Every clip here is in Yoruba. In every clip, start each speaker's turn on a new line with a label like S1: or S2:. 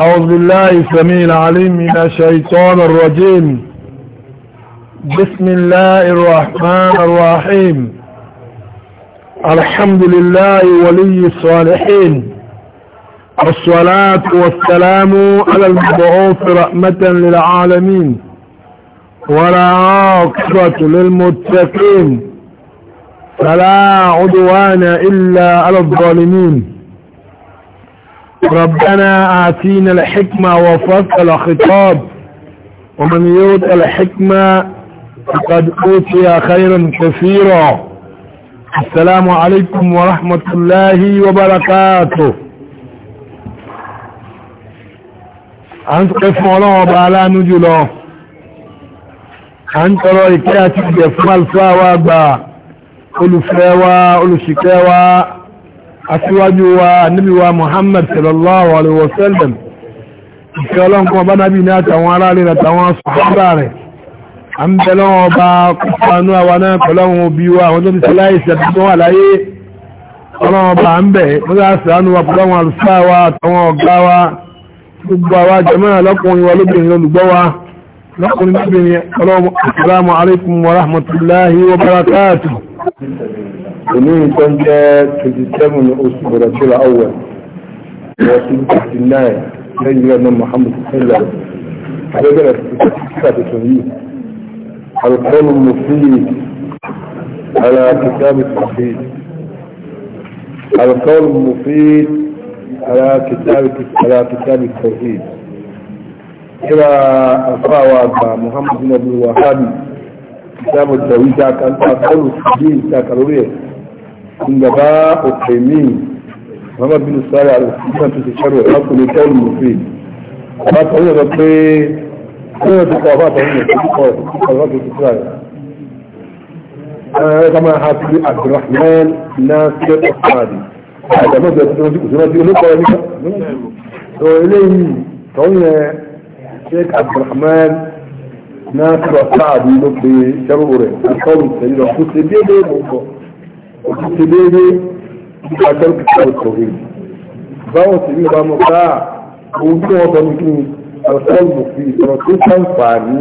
S1: أعوذ بالله السميع العليم من الشيطان الرجيم بسم الله الرحمن الرحيم الحمد لله ولي الصالحين والصلاة والسلام على المبعوث رحمة للعالمين ولا عاقبة للمتقين فلا عدوان إلا على الظالمين ربنا آتينا الحكمة وفصل الخطاب ومن يوت الحكمة فقد أوتي خيرا كثيرا السلام عليكم ورحمة الله وبركاته أنت قف مولانا وبعلا نجلو أنت رأيكاتي بفمال فاوة olùfẹ́ فاوة olùṣìkẹ́ شكاوة aṣíwájú wa annabi wa muhammad sallallahu alaihi wasallam ìṣẹ́ ọlọ́run kọmọ bá nábi ní àtàwọn ará rẹ̀ àtàwọn sọ̀rọ̀ rẹ̀ a ń bẹ lọ́wọ́ bá kúfanú àwa náà pẹ̀lọ́wọ́n òbí wa àwọn tó ti ṣe láìsẹ̀ tó wà láyé ọlọ́run ń bẹ̀ mọ́lá assalamu alaikum wa rahmatullahi wa barakatuh
S2: ان كنت
S1: في الثامن أسبرة في الأول وفي الثانية سيدنا محمد صلى الله عليه وسلم رجل الكتاب الصحيح القول المفيد على كتاب التوحيد القول المفيد على كتاب على كتاب التوحيد إلى أصحاب محمد بن عبد الوهاب kitabu tawhid ta kan ta kalu din ta kaluriye kun gaba utaimin Muhammad bin Salih al-Sultan ti sharru haqqu li qawl mufid ba ta yi ba pe ko ta ko ba ta yi ko ko ba ta tsara eh kama hafi Abdurrahman Nasir Al-Qadi هذا ما بيقدروا يقولوا يقولوا يقولوا يقولوا يقولوا يقولوا يقولوا يقولوا يقولوا náàtúrọ̀ sáàdì ló pe ṣẹ́rù rẹ̀ àtọ́rù tẹ̀lé kò ṣe déédé mọ̀ kò ṣe déédé nípa ṣẹ́rù kìtàrù tọ̀rẹ̀ báwo sì ní ọba mọ̀ káà òun tí wọ́n bọ̀ ní kí ni àtọ́rù mọ̀ fi ọ̀rọ̀ tó ṣàǹfààní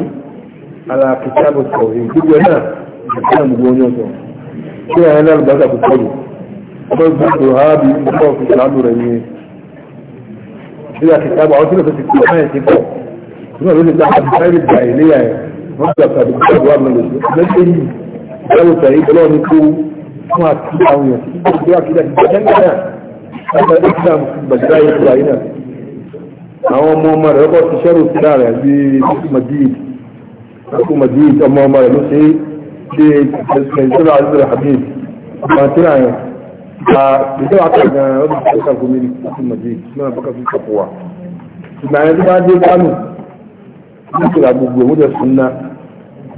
S1: ala kìtàrù tọ̀rẹ̀ gbogbo ẹ̀ náà ìgbà gbogbo ọyọ́ sọ kí ẹ̀ náà lùbáṣà kò tọ́lù ọmọ gbogbo ha bí ọkọ̀ fi ṣàánú rẹ̀ yẹn náà ló lè dá àbíkáyé gbà ilé yà ẹ̀ wọ́n gbà tàbí gbàgbọ́ àmì lè ṣe lẹ́sẹ̀ yìí ìdáwó tàyè gbọ́dọ̀ ní kó fún àti àwọn yẹn tó gbé àkídà ìgbàjẹ́ náà àti islam gbàjẹ́dá yẹn fúra yìí náà àwọn ọmọ ọmọ rẹ̀ lọ́kọ̀ ti ṣẹ́rù síra rẹ̀ bí madid àti madid ọmọ ọmọ rẹ̀ ló ṣe ṣe nàìjíríà àdúrà habib ọmọ àtìrà yẹn ìjọba àtàgàn ọdún ìṣẹ́kà gómìnà àti madid náà bọ́kà fi kàpọ̀ wa ìgbà yẹn tó bá dé kánò nítorí gbogbo ìwé jẹ sunna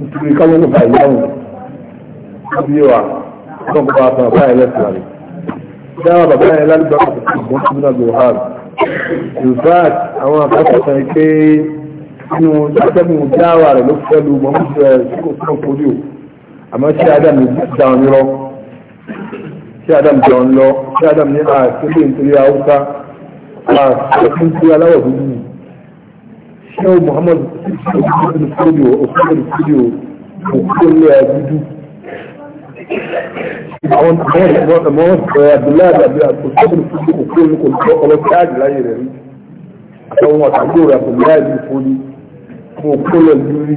S1: nítorí káwọn ní báyìí láwùn
S2: níbi yóò wà wọn kọ́ bá fún báyìí lẹ́sìn rẹ̀ dáwà bàbá yẹn lálùbá wọn tún náà lòó hàn yorùbáàt àwọn akẹ́kọ̀ọ́ yìí
S1: pé nínú atẹ́gùn dáwà rẹ̀ ló fẹ́ lu mọ́mú ẹ̀ síkò fún polio àmọ́ ṣé adam ní dáwọn ní lọ ṣé adam jọ ń lọ ṣé adam ní àṣírí nítorí haúsá àṣírí nítorí aláwọ̀ dúdú ṣẹ́wọ̀ Muhammad ṣẹ́wọ̀ studio ọ̀ṣọ́wọ̀ studio ọ̀ṣọ́wọ̀ ní àdúdú
S2: àwọn ọmọ Abdullahi
S1: ọ̀ṣọ́wọ̀ studio ọ̀ṣọ́wọ̀ kò tọ́ ọlọ́ káàdì láyé rẹ̀ rí
S2: àtàwọn àtàkùn rẹ̀ Abdullahi fúnni fún òkúlọ̀ lórí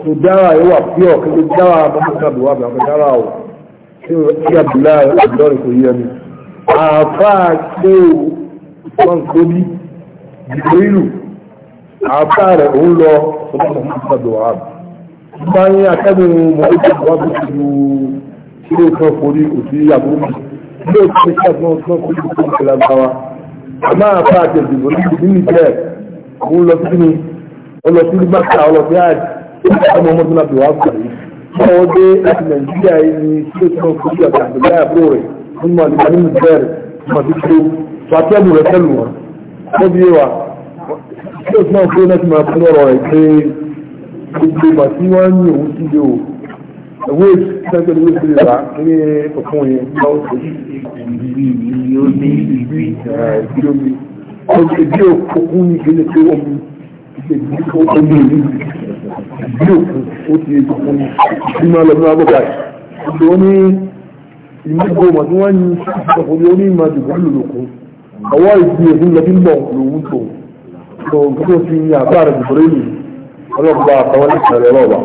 S1: tó dára yóò wà pí ọ̀ kéde dára mọ́mọ́sá bùwá bẹ̀ àwọn dára ọ̀
S2: tí Abdullahi Abdullahi
S1: kò yẹ mi àfáà ṣé o wọn kò bí ìgbéyìí àbá rẹ̀ òun lọ ọmọ mọ̀mọ́dọ̀ wà bá ń akẹ́bùn mọ̀lẹ́bí wà bí ti lu ilé ìtàn forí òtí àbúrú mi ilé ìtàn iṣẹ́ fún ọ̀tún kó lè fún ìlà gbáwa àmọ́ àbá àti ìdìbò ní ìdí ní ìbẹ̀rẹ̀ òun lọ sí ni ó lọ sí bàtà ó lọ sí àjì ọmọ mọ̀mọ́dọ̀ tí òsì náà fún láti máa fún ọ̀rọ̀ ẹ̀ pé gbogbo ìgbà tí wọ́n ń yòówù sí ilé o ẹ̀wọ́ èsì sẹ́ńtẹ̀ ní wíṣí rẹ̀ rà ní ọ̀fun yẹn lọ́wọ́ sí. ìbí omi ìbí omi ìbí òkun ní ìgbélé pé omi ìbí omi ìbí ìbí òkun ó ti ètò fún mi bí máa lọ bí máa bọ̀ báyìí. ìṣòro ní ìmúgbò mà tí wọ́n ń ṣàkóso ní ìmọ̀ àdìgbò lòlòkun ọwọ́ ìdí èmi lọ bí ń bọ̀ lòun tó. gbogbo ti àbá rẹ̀ jùlọ yìí ọlọ́gbà àtàwọn ìṣẹ̀lẹ̀ ọlọ́gbà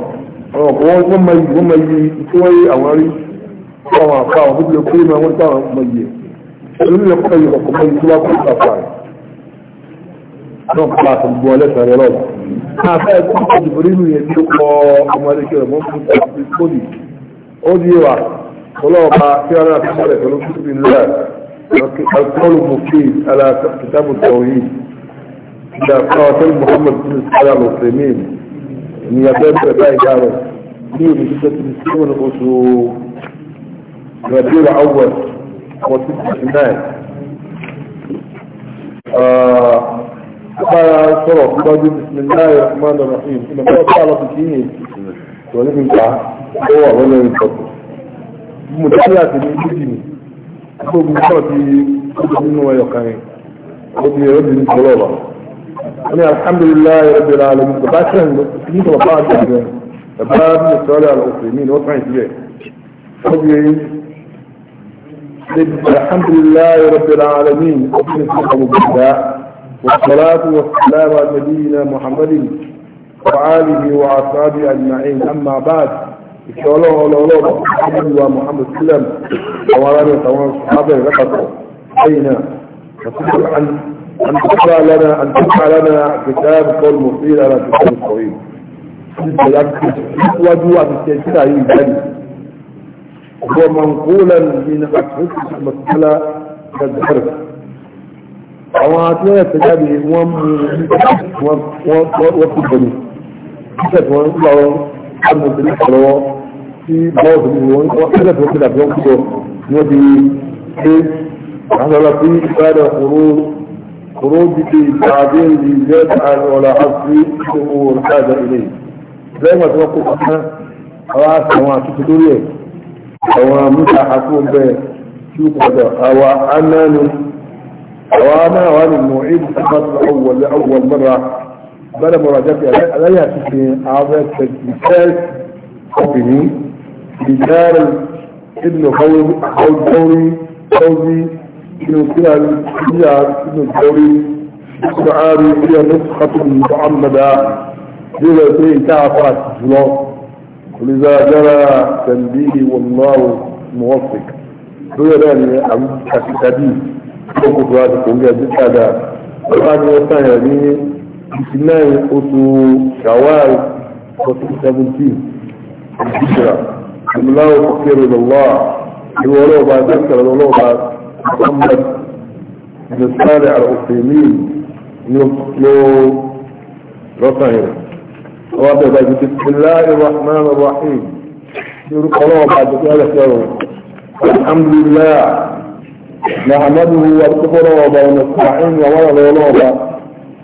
S1: ọlọ́gbà wọ́n mọ yìí wọ́n mọ yìí tí wọ́n yé àwọn rí fún àwọn àfa àwọn bíbélì kúrò máa wọ́n táwọn mọ yìí ẹlòmí lè kọ́ yìí ọkọ̀ mọ yìí tí wọ́n kọ́ ìtàfà rẹ̀ ọlọ́gbà àtàwọn ìṣẹ̀lẹ̀ ọlọ́gbà àfẹ́ ẹ̀kọ́ jùbìrìlù yẹn tí ó kọ ọmọdé kí ọmọ fún ìtàkùn ìkódì ó di wa ọlọ́ọ̀ba tí wọ́n náà fi mọ́lẹ̀ pẹ̀lú kúrò nílẹ̀ alkọ́ọ̀lù mọ̀kì alá kìtàbù tọ̀hìn إذا قاتل محمد بن السلام المسلمين من يبدأ بأي دارة ليه بجدة المسلمين الأسلوب ربيع أول وستة حماية آه صرف بسم الله الرحمن الرحيم إنما هو طالب الدين ولكن تعال هو ولا يتفضل متعلقة بالدين هو بمشارة كل منه ويقعين هو بيرد من
S2: أنا الحمد لله رب العالمين باشا
S1: في طلبات الجنة باب مصالح الأسلمين وضع الجنة حبي الحمد لله رب العالمين وبين الحكم والصلاة والسلام على نبينا محمد وآله وأصحابه أجمعين أما بعد ìṣọ́lọ́ ọlọ́ọ̀lọ́ àbúrúwà mohamed sílẹ̀m àwọn arábẹ̀ tàwọn ṣàbẹ̀ rẹ́pàtọ̀ lẹ́yìn náà أن تقرأ لنا أن تقرأ لنا كتاب قول مصير على كتاب الصغير وجوع بالتأثير أي ذلك هو منقولا من أسفل المسألة كالدرس àwọn atúnyẹ̀ tẹ́jáde wọ́n mú wọ́n kú bẹ̀rẹ̀ títẹ̀ tí wọ́n ń lọ amòsílẹ̀ ọ̀rọ̀ tí bọ́ọ̀sì ní wọ́n tẹ́lẹ̀ tí wọ́n fi dàbí wọ́n kú bọ̀ ní wọ́n di pé àwọn ọlọ́pàá ìgbàdàn òru خروج في تعبير عن ولا عصر أمور حاجة إليه زي ما توقف أحنا خلاص هو تقول هو إيه؟ مش متحكم به شوف هذا هو أنا هو أنا وأنا المعيد فقط الأول لأول مرة بلا مراجعة لا في أعضاء مثال وبني مثال ابن خوي خوي خوي إنه كان هي ابن الدوري الشعاري هي نسخة متعمدة لذا شيء تعفرت الله ولذا جرى تنبيه والله موفق هو ذلك الحديث وقف هذا القنجة هذا الآن يعني به بسناء أسو شوال وسوء سبنتين الهجرة الملاو فقير إلى الله الولو بعد ذكر الولو بعد محمد بن صالح العثيمين يصلو رطهر وابدا بسم الله الرحمن الرحيم يقول الله بعد ذلك الحمد لله نحمده والكفر وبين الصحيح ولا الغلوبة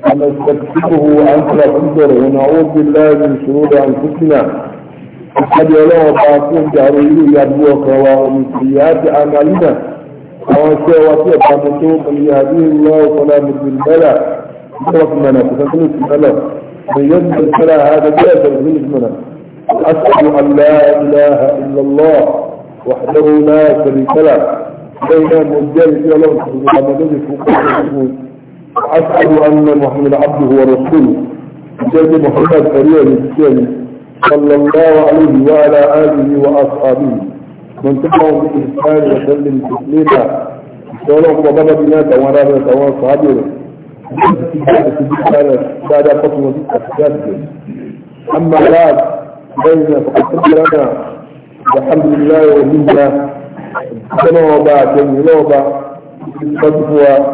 S1: ونستكسبه وأنت القدر ونعوذ بالله من شرور أنفسنا وقد الله بعثون جعله يبوك ومن سيئات أعمالنا àwọn iṣẹ́ wa tí ẹ̀ka mi tó kọ̀yí àbí ìlú ọ̀kọ́lá mi ti bẹ́là nígbà tí mọ̀nà kò sẹ́kọ́ ló ti bẹ́là mi yẹ́ ti اشهد ان لا إله إلا الله وحده لا شريك له بين مجال في الله سبحانه وتعالى أشهد أن محمد عبده ورسوله جد محمد فريد الشيخ صلى الله عليه وعلى آله وأصحابه من تبعهم بالإحسان وسلم تسليما سولهم بنا تورا بنا تورا صحابنا بعد وزيد الأحداث أما بعد بين فقد لنا الحمد لله ومنا كما وضع وبعد يوم الفتوى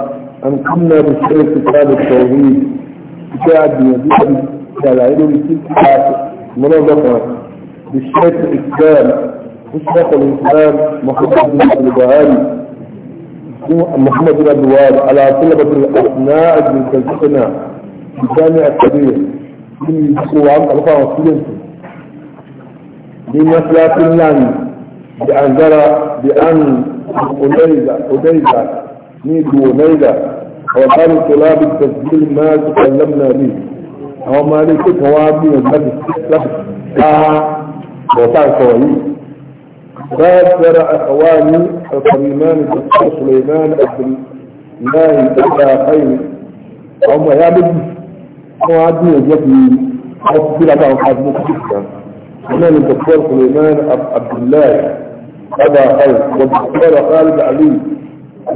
S1: أن كنا بشير كتاب التوحيد كتاب يدين على علم الكتاب منظمة بالشيخ الإسلام الشيخ الإسلام محمد بن عبد محمد بن عبد على طلبة الأثناء من تلفنا في الجامع الكبير من سوان عام 2020 من يسلى فنلان بأن جرى بأن أديزة أديزة نيكو نيدة وقالوا طلاب التسجيل ما تكلمنا به أو ما ليس توابي من مجلس لفت آه وطعن صواريه باب شرع اخواني الكريمان الدكتور سليمان عبد الله الباقين هم يا بدي هو عدني وجدني حط كده بقى وحد مكتوب كمان الدكتور سليمان عبد الله أبا خالد والدكتور خالد علي هو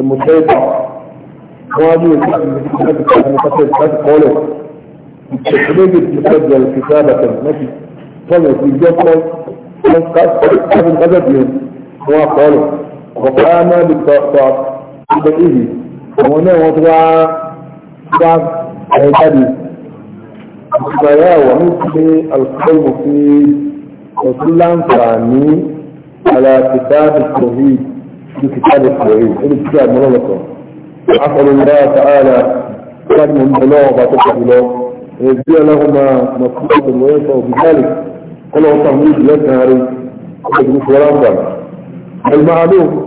S1: عدني وجدني مكتوب كده قوله تخريج المسجل كتابة نفسي طلع في الجبل قد غدت بهم وقالوا وقام بالطاعات بدئه وهنا وضع بعض عباده الصلاة ومثل القوم فيه وكلا فعني على كتاب التوحيد في كتاب التوحيد في كتاب مرلقه أسأل الله تعالى كان من بلوغ الله ويجزي لهما مكتوبة ويسعوا بذلك قلوا تهويج لنهاري قلت ولا بان المعلوم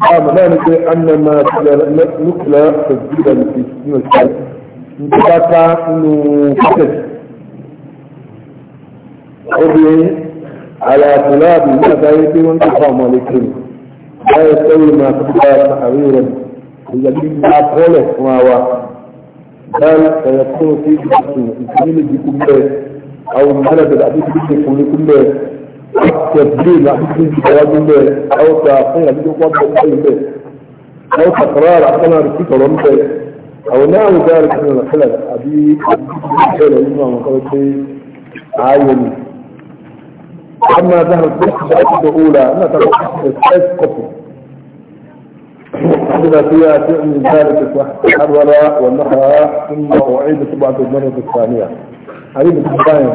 S1: قام ذلك أن ما نقل تسجيلا في سنة الشيء نتبقى انه فتش أبي على طلاب المدائك وانتقام عليكم لا يستوي ما تبقى تحريرا الذي لا قوله ما هو بل سيكون فيه بحث الكلمة بكم او مهلب الحديث بيجي كل كل تبديل الحديث بيجي كلام به او تاخير بيجي قوة به او تقرار عشان ارسي كلام او نعم ذلك من الخلل ابي حلو اما ما قلت شيء عاين اما ذهب الفقه الاولى أنا ترى الحج كفر إذا فيها فعل ذلك وحرر ونحى ثم أعيد بعد المره الثانيه àríbi tó báyìí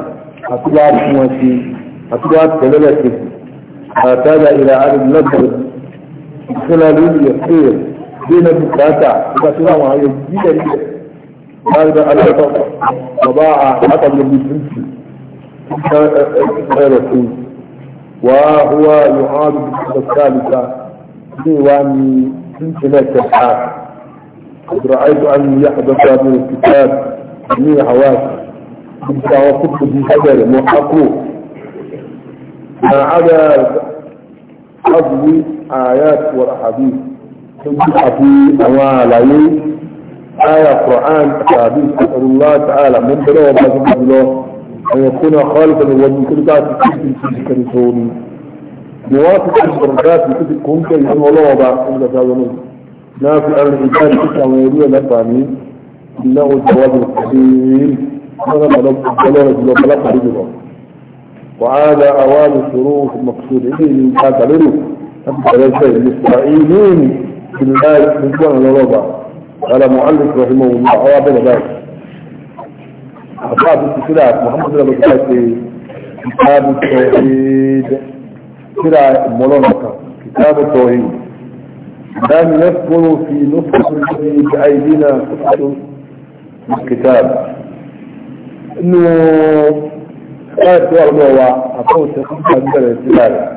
S1: àti wá fún wọn sí àti wá tẹ̀lé lẹ́sẹ̀ àtàdà ìlà àríbi lọ́gbọ̀n ìfúnra lórí ẹ̀fẹ́ bí na bukata nígbà tí wọ́n àwọn jíjẹ jíjẹ láti bá aláàtọ̀ bàbá àtàlẹ̀ bí bíntì ẹ̀rọ tó وهو يعاد بالنسبة الثالثة ديوان انتماك الحال رأيت أن يحدث من الكتاب جميع حواسي وقفت في حجر محقو على حضر آيات والحديث ثم حفي أمالي آية قرآن حديث أسأل الله تعالى من بلا وبعض من بلا أن يكون خالقا ومن كل ذات كيف يمكنك أن يكون موافق الدرجات بكتب كنك يكون الله وبعض من ذات ونوم نافع الإنسان كتب ويريد أن يفعني إنه الجواب الكبير وهذا أوان شروط المقصود إليه من هذا لنه أبدا لشيء الإسرائيلين بالله من كون الوضع قال معلق رحمه الله أوابنا ذلك أصحاب السلاف محمد بن القاسي كتاب التوحيد سلع مولونكا كتاب التوحيد لم يذكر في نصف الذي بأيدينا كتاب inú ayat tó wà lọ́wọ́ wa àkọ́wọ́ tó kí ká bẹ̀rẹ̀ sí láàrẹ̀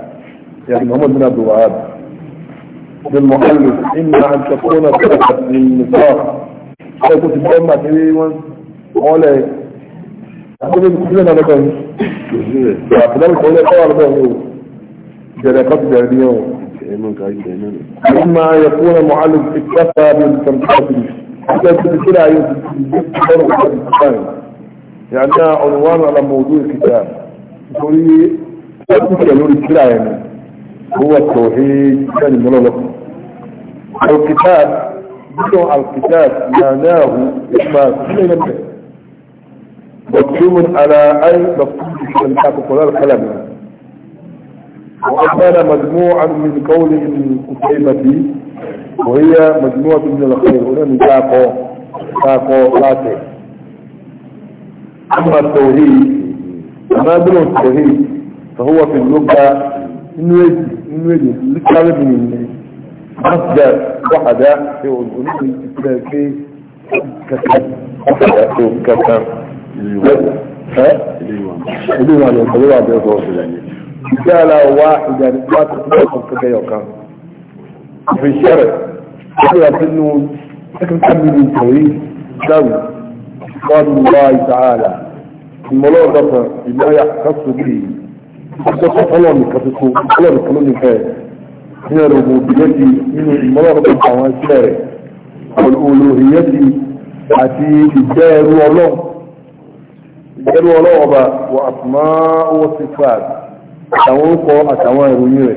S1: ya muhammad bin abdul wahab bin muhammad inna an takuna sadaka min nisar sai ku ti bọ́n màtí wọn ọlẹ̀ akọ́wọ́ tó kí lẹ́nà lọ́kàn àtìlẹ́yìn kọ́ lẹ́kọ́ wà lọ́wọ́ yóò jẹ̀rẹ̀ kọ́ ti jẹ̀rẹ̀ ní yóò إما يكون معلم اكتفى بالتمثيل حتى تكون عيوب الفرق يعني عنوان على موضوع الكتاب يقولي يعني هو التوحيد كان يعني ملوك الكتاب بلو الكتاب معناه إما كل ينبه مقسوم على أي مكتوب في الكتاب ولا الكلام وكان مجموعا من قول ابن قتيبة وهي مجموعة من الخير هنا من تاقو تاقو لاتك أما التوحيد أما بلو التوحيد فهو في اللغة نويد نويد لكتاب من مصدر وحدة في الظلم في كتاب وحدة في كتاب رسالة واحدة لا تتوقف كبيرك في الشرع هذا في النون كم من التوحيد داوي قال الله تعالى الملاطفة بما يختص به يختص الله من كفته الله من كمان الحياة من ربوبيته من الملاطفة عن الشارع والألوهية àti ìjẹ́rú ọlọ́run ìjẹ́rú ọlọ́run ọba wà àtúmá owó sí fàd àtàwọn orúkọ àtàwọn ìròyìn rẹ̀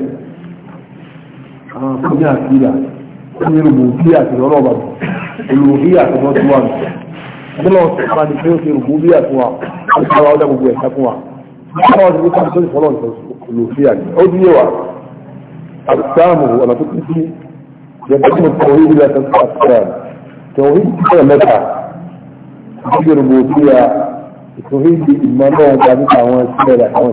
S1: àwọn akọ́bí àkílà ní rògbòbí àti ọlọ́ọ̀bà olùwòbí àti ọlọ́túwà nù ọdún ọ̀sẹ̀ máa di pé ó ṣe rògbò bí àfún wa àti àwọn ọjà gbogbo ẹ̀ka fún wa ọmọ ọdún kan tó ń fọlọ́ lò sí àná ó di yẹwà àti sáàmù ọ̀nà tó kún sí yẹn tó kún tọ̀wé ìlú àti àtúntà tọ̀wé ìlú mẹ́ta ìdíje rògbò sí ya ìtòwé ìdí ìmọ̀ náà nípa àwọn ẹ̀sìn rẹ̀ àwọn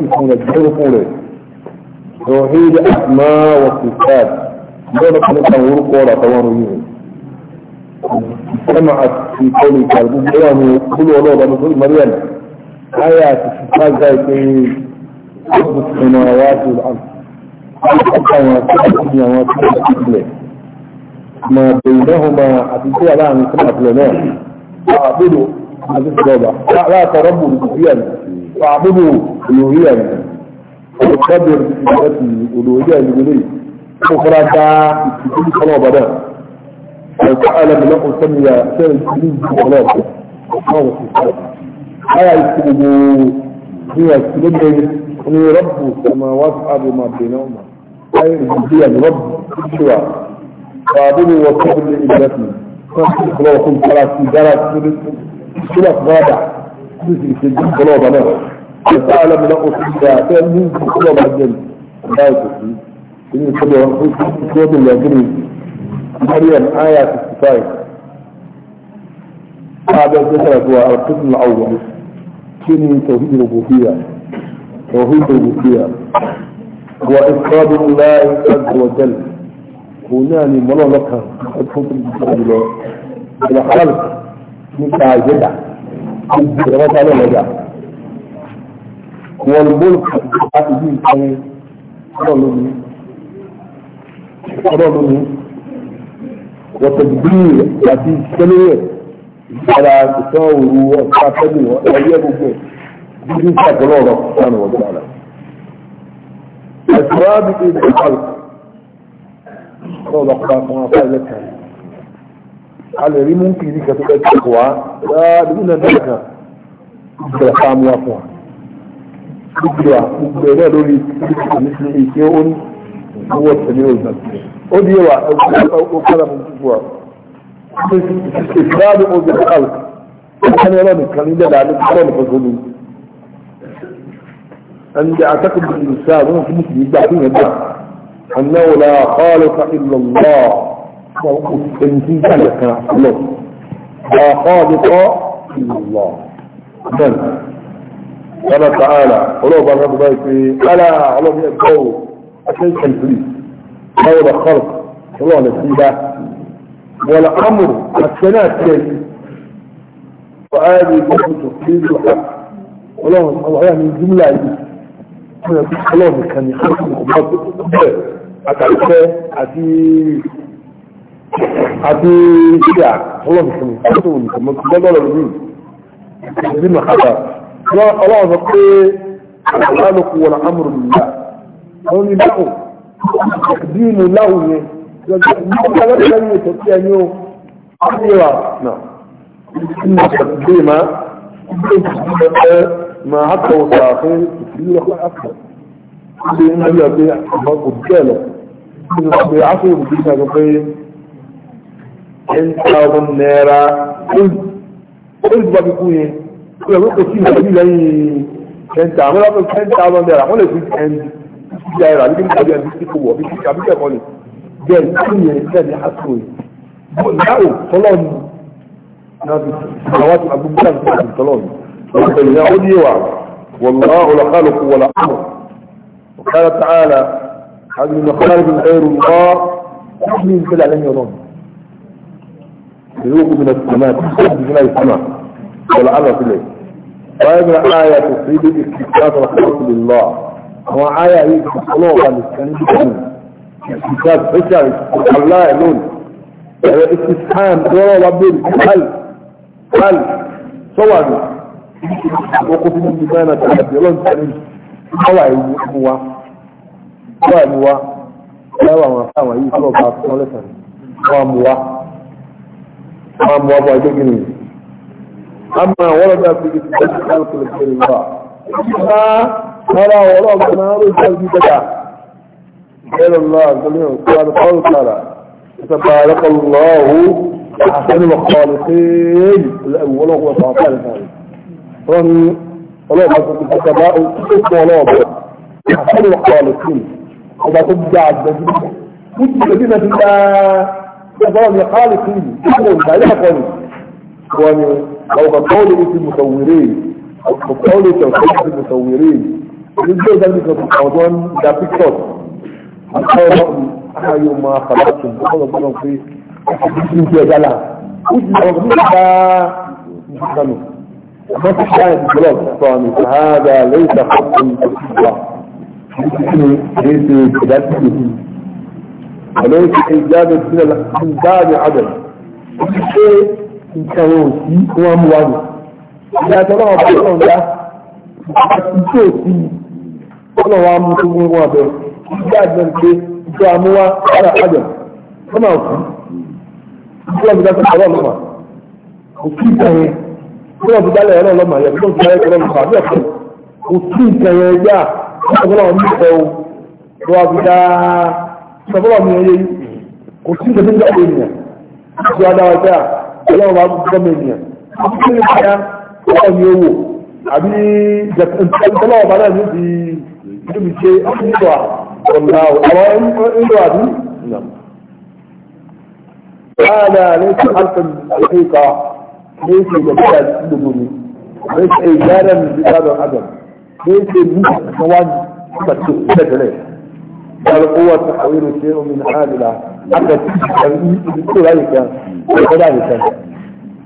S1: ẹ̀sìn sí rẹ̀ توحيد أسماء وصفات ماذا كان تنور قولا توانو سمعت في قولي كالبوب قيامه كل ولوضة مثل مريم آية الصفات ذات رب السماوات والأرض ما بينهما حديثي على أن سمعت لنا فاعبدوا هذه الصدابة لا تربوا بكثيرا فاعبدوا الوهيا ọ̀pọ̀lọpọ̀ ìgbàlẹ́sì olóòjẹ́ ìlúgbélé tó fara dá ìtìkúrú sọ́nà ọ̀bà náà ẹ̀kọ́ alẹ́mìnà ọ̀sẹ́mìyà sẹ́yìn ìlú ìjọba ọ̀pọ̀ àwọn òṣìṣẹ́ ara ìsì gbogbo ní ẹ̀sìn lẹ́gbẹ̀ẹ́ ní rọ́bù sọmọ wáṣọ àbùmọ̀ bẹ̀rẹ̀ ọmọ ayé ìdíje àti rọ́bù ṣíwà fàdúrú wọ sọ́kùnrin ìgbàlẹ́sì sọ́kùnrin ìgbàlẹ́sì تعلم لا أصيب فمن كل ما جل لا أصيب إن كل ما أصيب كل ما جل مريم آية 65 هذا ذكر هو القسم الأول كني توحيد الربوبية توحيد الربوبية
S2: وإفراد
S1: الله عز وجل هنا ملالكها أدخل في الخلق من تعجبها من تعجبها والملك àti bí ìkọrin ọ̀rọ̀ lómi ọ̀rọ̀ lómi wọ̀tẹ̀gbìrì àti ìṣẹ́lẹ̀rẹ̀ ìṣẹ́ra ìṣẹ́ òru ọ̀pá tẹ́lù ọ̀yẹ́ gbogbo ẹ̀ bí i ṣàkọlọ̀ ọ̀rọ̀ sánà wọ̀ sára ẹ̀sùn rábì ní ìdíkọ̀lù ọ̀rọ̀ lọ́pàá fún afá ẹlẹ́kà a lè rí mú kìí kẹtọ́ ẹ̀kọ́ wa láàrín náà nígbà ìgbà fáwọn afọ́ wa gbogbo àgbogbo ẹ̀rọ lórí ìṣẹ́ ìṣẹ́ ó ní owó tẹ̀lé òjò ó di ẹwà ọkọ̀lá mú gbogbo
S2: à ìṣẹ́lẹ̀ ọjọ́ àlù
S1: ọkọ̀lá ẹ̀rọ nìkan ní dẹ́dà ní kọ́lọ̀ nìkan tó ní ẹni àtàkùn ìlú sáà wọn fún mùsùlùmí gbà fún ẹgbà annáwó la kọ́lọ̀ ka ìlú lọ́ ẹni tí ń gbà lẹ́kan lọ la kọ́lọ̀ kọ́ ìlú lọ́ قال تعالى ولو بعض في إيه؟ ألا ولو يبدو أشيء الفري قول الخلق الله نسيبه ولا أمر السنة كيف وآلي كنت تفيد الحق ولو الله يعني الجملة أنا الله كان يخلق مخبط أتعرفه عديد عديد يعني الله كان يخلق مخبط ولا مخبط ولا مخبط ọlọ́run sọ pé àlùkù wọn àmúrò nìyà wọn ni láwù dínú láwù yẹn
S2: lọ́jọ́
S1: pé òun kò sí ìwádìí lẹ́yìn kẹta àwọn ọmọ ten thousand naira wọ́n lè fi ten fifty naira níbi nípa bíi ẹ̀dínkì kò wọ̀ bí kí àbí kẹ̀kọ́ lè jẹ́ ìtú yẹn bẹ́ẹ̀ ni aṣọ yìí bó láwò tọ́lọ̀ ni àwọn àti àgbègbè àti àti tọ́lọ̀ ni ọ̀gbẹ̀yìn náà ó ní ìwà والله لخلق ولا أمر وقال تعالى هذه المخالف غير الله تحمل بلا لن يضم يذوق من السماء تحمل من السماء ولا أمر في الليل وابن آية تصيب الاستكتاب رحمة الله هو آية يتطلوها للسنين استكتاب فشل الله يلون الاستسحام دور ربين هل هل صواب وقف من مبانة يلون سنين هو هو هو هو هو هو هو هو هو هو هو هو هو هو هو أما ورد في كتاب خلق لغير الله ما ترى ورد ما رجل بدك غير الله قال قال تعالى تبارك الله أحسن الخالقين الأول هو تعطان الثاني رن الله عز السماء والأرض أحسن الخالقين وما تبدع الدجل كنت الذين في الله يقال فيه كل ما يحقني أو كقوله في المصورين أو كقوله توحيد في المصورين بالنسبة ذلك القوضان ده في كتاب القوض أحد ما خلقتم وقال الله في أحد في جلال وجد مكانه ما في شاهد خلاص الثاني فهذا ليس خط الله ليس كذلك وليس إجابة من الإنسان عدم كل شيء nǹkan wọn ò sí kí wọ́n mú wa lò ìdájọ́ náà bá yọ̀ ńlá ìdí òsì ọ̀nà wa mú tó mú wọn bẹ̀ ìdí àjọ pé ìjọ amúwá ara àjọ ọ̀nà òkú ìjọ ọ̀nà ìdájọ́ ọ̀rọ̀ ọ̀lọ́mà òkú ìtàn yẹn ìjọ ọ̀nà ìdájọ́ ọ̀rọ̀ ọ̀lọ́mà yẹn ìjọ ọ̀nà ìdájọ́ ọ̀rọ̀ ọ̀lọ́mà yẹn òkú ìtàn yẹn yá ọ̀nà ọ̀nà ìfẹ́ o lọ àbúdá ìfọ̀bọ̀lọ̀ mi yẹn yẹ kò sí ìtàn ọlọ́run bá gbọ́mọ ènìyàn kí ni báyà ọlọ́run ni ó wò àbí ọlọ́run bá náà níbi níbi ṣe nílò ọ̀nà ọ̀rọ̀ nílò àbí. هذا ليس حرفا حقيقة ليس جبال لبني ليس إيجالا من جبال الأدم ليس مواد فتكتب ليه بل قوة تحويل شيء من هذا aka ci da ko ya yi kan ko da yi kan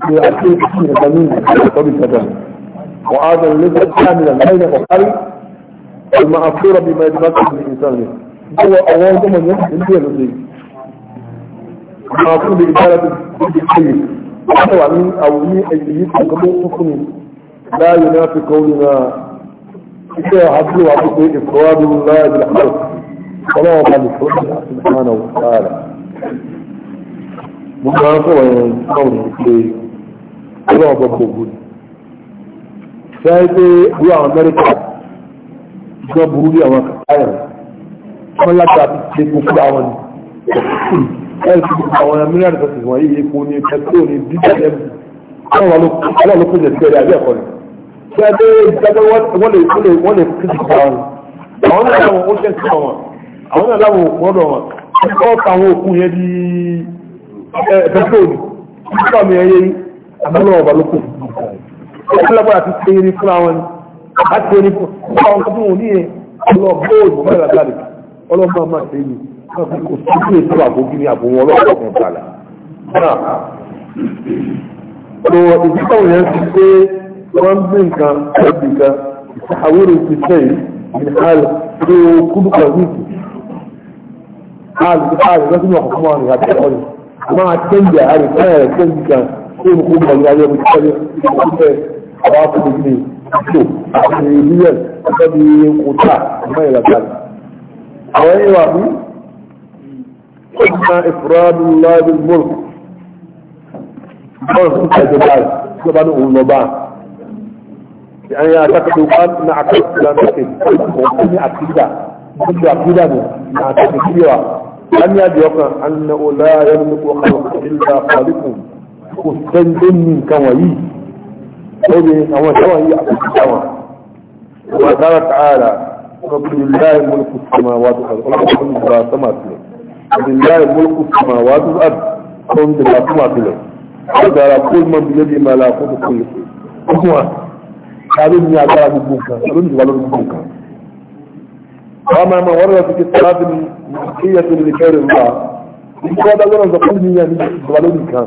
S1: ko a ce shi da kamin da ko bi ta wa adam lidda kamila bayna bukhari al ma'thura bima yadbaku al insan هو أول من يحصل فيه الرزق معقول بإدارة الخير أو من أو من أجلية قبول حكمه لا ينافي قولنا إذا حصلوا على إفراد الله بالحرب ọlọ́wọ́ kalẹ̀ tó ní àtúntàn òkúta mo máa ń sọ̀rọ̀ yẹn sọ̀rọ̀ yẹn pé ọlọ́wọ́ bọ̀ gbogbo ni sẹ́yìn pé bí àwọn amẹ́ríkà jọ burú bí àwọn kàkáyà wọn láti àti ṣe gbogbo àwọn ni ẹ̀rì tí àwọn amẹ́ríkà tó ti wọ̀nyí epo ni pẹ̀tró ni dídẹ̀lẹ̀ ọlọ́wọ́ ló kọjá sí àbí ẹ̀kọ́ ni sẹ́yìn ìjọba wọ́n lè kí ti pa wọn àwọn ó jẹ́ sí àwọn àwọn náà láwọn òkú ọ̀dọ̀ wọn wọ́n ta àwọn òkú yẹn di pẹtroli nípa mi ẹyẹ yìí àbálọ̀ ọ̀bà ló kù ọ̀pọ̀lọpọ̀ àti tẹ́yẹrí fún àwọn ni àti tẹ́yẹrí fún àwọn tó wù ní yẹn ọlọ́gbọ́ọ̀lù mẹ́rin àgbàlẹ̀ ọlọ́mọ máa ṣe yìí wọ́n kò sí ilé ìtura àbógi ní àbòwọ́n ọlọ́pàá kan balẹ̀ náà lọ ìdíkọ̀ yẹn ti pé wọ́n gbé nǹkan ẹ̀bì kan ìṣàwérò ti sẹ́yìn ní àlọ́ tó kúdùkọ̀ níbi قال لازم الحكمان هذا الحل ما تنجى على كان تنجى كل قوة على مختلف عواطف الجنيه شوف أخيريا قد يقطع ما يلقى أوين وابي قلنا إفراد الله بالملك قلنا سبحة جبال طبعا أولوبا يعني أعتقد قال نعكس لا نعكس وقلني أكيدا كل أكيدا نعكس كيوا لم يدرك أنه لا يملك خلقه إلا خالقه مستلزم من كويه وبه أو سواه يعبد سواه وقال تعالى لله ملك السماوات والأرض الحمد لله سما لله ملك السماوات والأرض الحمد لله سما فيه هذا كل من بيده ملكوت كل شيء هو هذا من يعبد ربك ربك وما ما ورد في كتاب ملكية لغير الله إن كان أولا لي يعني زقلني كان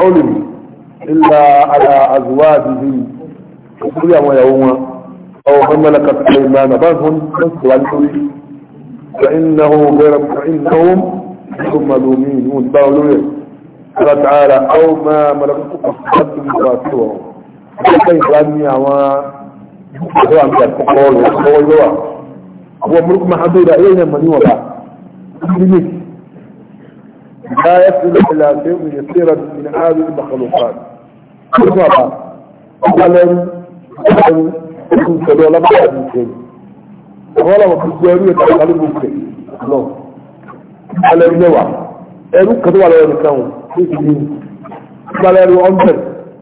S1: قولي إلا على أزواجه يقول يا يوما أو هم لك ملكت أيمان بعضهم فسوالي فإنه غير فإنهم هم ملومين باولوه قال تعالى أو ما ملكت أصحاب مراتبهم فإن كان يا هو عم يقول هو يوما هو ملوك محدودة إلينا من يوضع لمثل لا يصل إلى شيء يسير من هذه المخلوقات كفر ولم يكن سبيل ما حد يمكن ولا وكذابية تقلب ممكن الله على النوع ẹnu kan tó wà lọ́wọ́ nìkan wọn ní ìlú ìgbàlẹ̀ ẹ̀rọ ọ̀nbẹ̀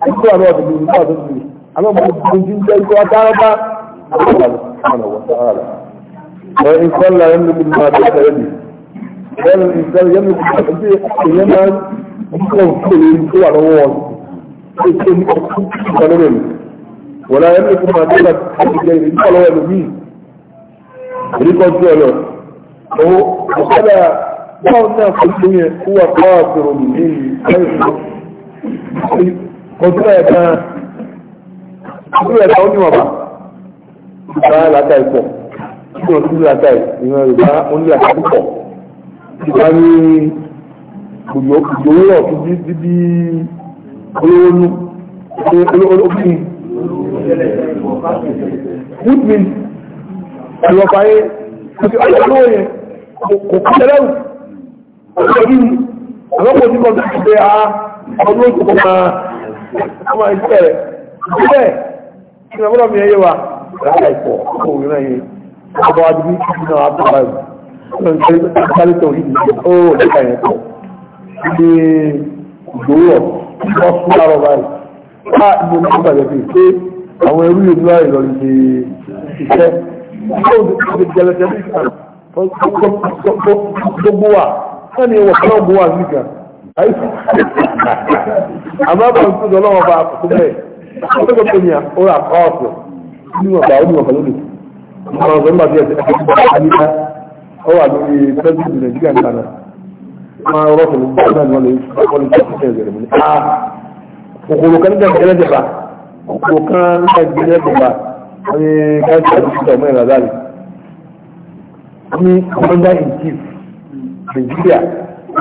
S1: ìkó àwọn ọ̀dọ̀ ìlú ìgbà tó ti rí àwọn ọmọ ìgbìyànjú jẹ́ ìkó agbára bá àwọn ọ̀dọ̀ àwọn ọ̀dọ̀ وإن صلى يملك ما بين يديه كان الإنسان يملك ما بين يديه يمكن كل يمكن على وال ولا يملك ما بين يديه إن صلى يملك
S2: ريكون سؤاله
S1: هو هذا بعض الناس يقولون هو قاصر من قلت له يا كان
S2: قلت له يا كان ما
S1: بقى قال لا تايكم tí wọ́n tún láta ìran yorùbá wọ́n ní àti púpọ̀ tí wọ́n ní gbòòrò ọ̀tún bíbí olówó olóògbé which means ọlọ́pàá yẹn àti ọlọ́pàá yẹn kò kọ́kẹ́ lẹ́rù ọ̀pọ̀ yìí àlọ́pọ̀ tí kọ́ tó ṣe á ọdún oṣù kọ́ máa ọmọ ìṣẹ́ rẹ̀ bẹ́ẹ̀ kí ni ọmọdé mi yẹ wa láti àìpọ̀ kò rí náà yẹn ọba adúgbò ìtìjú náà á bàbá rẹ̀ ọ̀nà ìtàlẹ̀ tó yìí nìyí ó nípa yẹn pọ̀ ilé ìgbówó ọ̀ báyìí ká ìlú náà bàjẹ́ pé àwọn ẹrú yìí níwáyé lọ lè a kó bẹ́ẹ̀ ọ̀sẹ̀ kò tó ní à ó rà kọ́ọ̀tù nínú ọ̀gá àwọn ọ̀gbọ́n bá bí ẹ̀jẹ̀ ẹ̀jẹ̀ àyíká ó wà lórí president Nàìjíríà nígbà náà máa ń rọ́ọ̀tù nígbà náà ni wọ́n lè kọ́ ní tẹ́sí ẹ̀jẹ̀ rẹ̀ a kòkòrò kan nígbà gẹ́lẹ́ dẹ̀bà kòkòrò kan nígbà gẹ́lẹ́ dẹ̀bà wọ́n ní káńtì àdúgbò ọmọ ìrà dáàlì ní commander in chief Nàìjíríà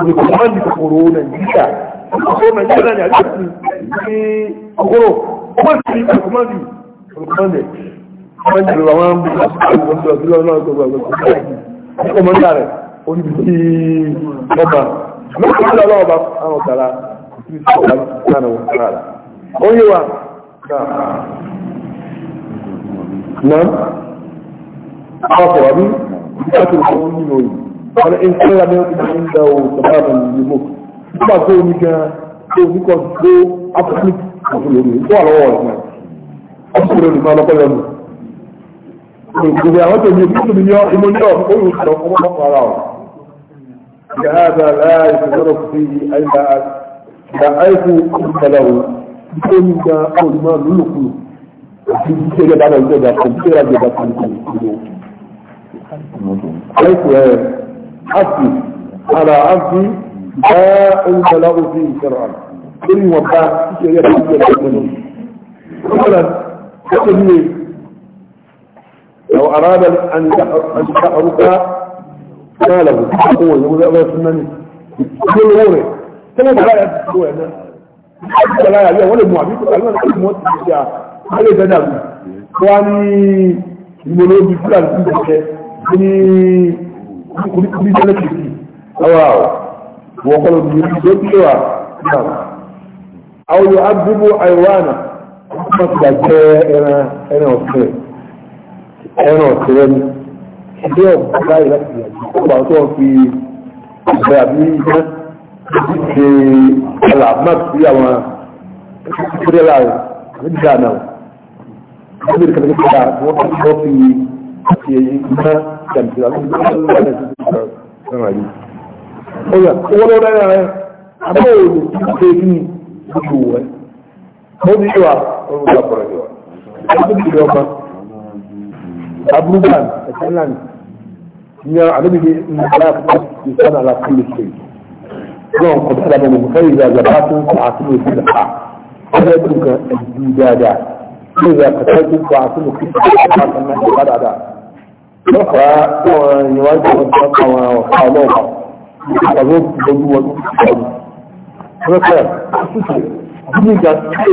S1: ní kòmándì kòkòrò Nàìjíríà kòkòrò Nàìjíríà ní àdúgbò
S2: ní kòkòrò
S1: kòmándì kòmándì wọ́n jẹ́ lọ wọ́n bí ọjọ́ sí lọ́nà ọgbọ̀gbọ̀ ọmọ ní ààrẹ oníbìtì ọba mẹ́kànlá ọlọ́ọ̀bá àwọn ọ̀tàrà bí láti gbogbo àwọn tó ní ìlú ní yọ inú ní ọ̀pọ̀ olùsọ fún ọmọ ara ọ̀ ìgbà àgbà láàyè ìṣòro sí àìlà ìgbà àìkú ìṣẹ̀lẹ̀ ò tó ní gba olùmọ̀ lólùkù àti ìṣẹ̀lẹ̀ bá lọ ìjọba kò ní ìṣẹ̀lẹ̀ àjọba kò ní
S2: ìṣẹ̀lẹ̀ àìkú ẹ̀
S1: àti ara àti bá olùsọ̀lá لو أراد أن تحرك ماله هو يقول الله سنني كل غوري كما لا يدعو هنا حتى لا يدعو ولا معبيد قالوا أنا كنت موت بشيء هل يدعو واني ملو بفلان بشيء ni kuli kuli jala kiki awa wo ko ni do ti wa aw yu'adibu أنا ma ta ẹran ọ̀tẹ̀rẹ́ ni ẹgbẹ́ ọ̀gbọ́n láì láti yàtọ̀ ọgbà tó wọ́n fi ìgbẹ́ àbí iná ṣe ọ̀là map sí àwọn kúrẹ́là rẹ̀ nígbà náà wọ́n lè kàtàkì kọ́ta wọ́n fi wọ́n fi àti èyí ìgbà náà ṣe ń aburukan ẹ̀kẹ́lán ní àdébí ní ìsán alákùnlé ṣe náà kò tó dábọ̀ mọ̀ fẹ́ ìyá àgbà bá tún fà á sínú ìsìn àpá ọjọ́ ìlú kan ẹ̀dù dáadáa ní ìyá kẹta tún fà á sínú ìsìn àpá kan náà ìyá dáadáa wọ́n fà á wọn ìwádìí wọn tó àwọn ọ̀fà ọlọ́ọ̀fà àwọn ìgbọ́jú wọn tó fà á wọn fẹ́ àtúntò bí ìgbà tó ṣe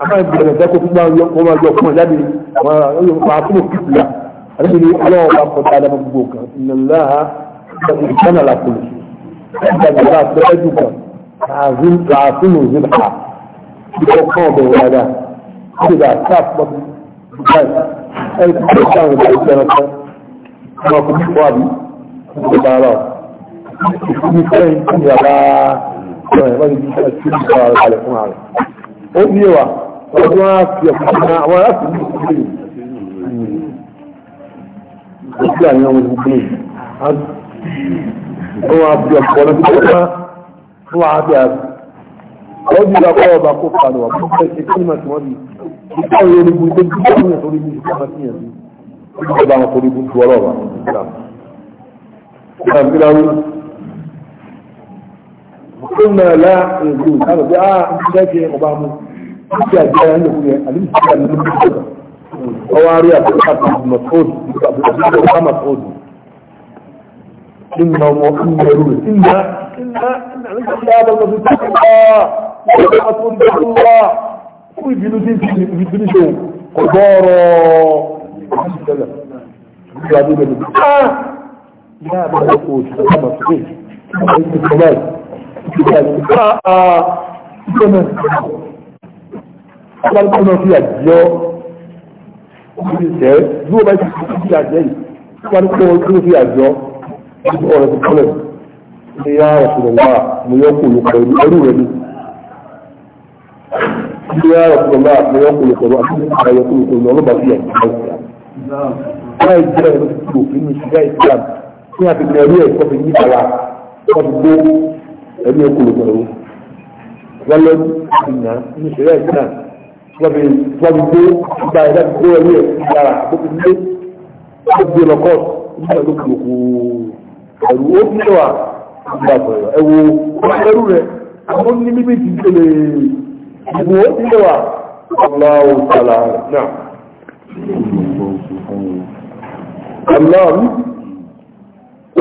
S1: àbá ìgbìyànjú ẹ̀kọ́ fún ويعطوه كتلة رجل الله رب تعالى مبوك إن الله كان على كل شيء عند الله تجد تعظيم تعظيم ذبحة بقوم بولادا كذا كاف بس أي كان بالجنة ما كنت قابي كنت بارا كنت كان يلا ما يجي أشوف على كل حال أو wọ́n á fi ọ̀pọ̀ náà wọ́n á fi
S2: ní ìpínlẹ̀ òkú àyàn wọn ìpínlẹ̀ wọ́n á fi ọ̀pọ̀ náà tó náà wọ́n á fi àti wọ́n
S1: bí ìgbà kọ́ ọba kó padà wà fún ẹ̀ṣẹ̀ kí ni màá tí wọ́n di ìgbà yẹn ní gbogbo ìgbà tó yẹn tó rí ní ìgbà tí yẹn ní ìgbà wọn tó rí ní ìgbà ọlọ́ọ̀bà ìgbà قلنا لا يجوز هذا بقى انت جاي وبعمل dúkìá jẹ́ ẹ̀yán lòun yẹn àdébìsíkà ní ìlú ìjọba ọwọ́ arí àbúrò mọ̀tòdù àbúrò bá mọ̀tòdù ìmọ̀ ọmọ ìmọ̀rú rẹ̀ ìmọ̀ fún ìbínú tí ìbí tí níṣe ọgọ́rọ̀ ìṣẹ̀lẹ̀ ìgbà tó gbẹ̀dẹ̀ yáà bá ọkọ̀ òṣìṣẹ́ sábà tó kéèkì ìgbà tó gbẹ̀dẹ̀ abalùkọ́ náà fi àjẹ́ ọ́ fi jẹ́ bí wọ́n bá ti fi fi àjẹ́ yìí abalùkọ́ náà fi àjẹ́ ọ́ fi ọ̀rẹ́ ti kọ́lẹ̀ ní yá ọ̀sùnrùn wà mo yọ kò lù pẹ̀lú ẹrú rẹ̀ ni ní yá ọ̀sùnrùn wà mo yọ kò lù pẹ̀lú àti ìgbà yọ kò lù pẹ̀lú ọlọ́ba fi àjẹ́
S2: ọ́
S1: láì jẹ́ ẹ̀rọ ti kò fi ní ìṣúgá ìsìlám ní àfikún ẹ̀rí ẹ̀kọ́ fi yí ara wọ́n ti gbó ẹ̀rí ẹ̀kọ́ lù pẹ̀lú wọ́n lọ́dún àfihàn ní ìṣúgá ìsìlám lọ́bi gbọ́ gba ẹ̀dá gbogbo ẹ̀rí ẹ̀ dára àbókù nílé gbogbo lọ́kọ́ nígbà tó kù kù ẹ̀rù ó fi wà nígbà sọ̀rọ̀ ẹ̀wò ẹ̀rù rẹ̀ àmọ́ ní mímí ti tẹ̀lé ìbò ó fi wà aláwọ̀ sàlà náà. Allahu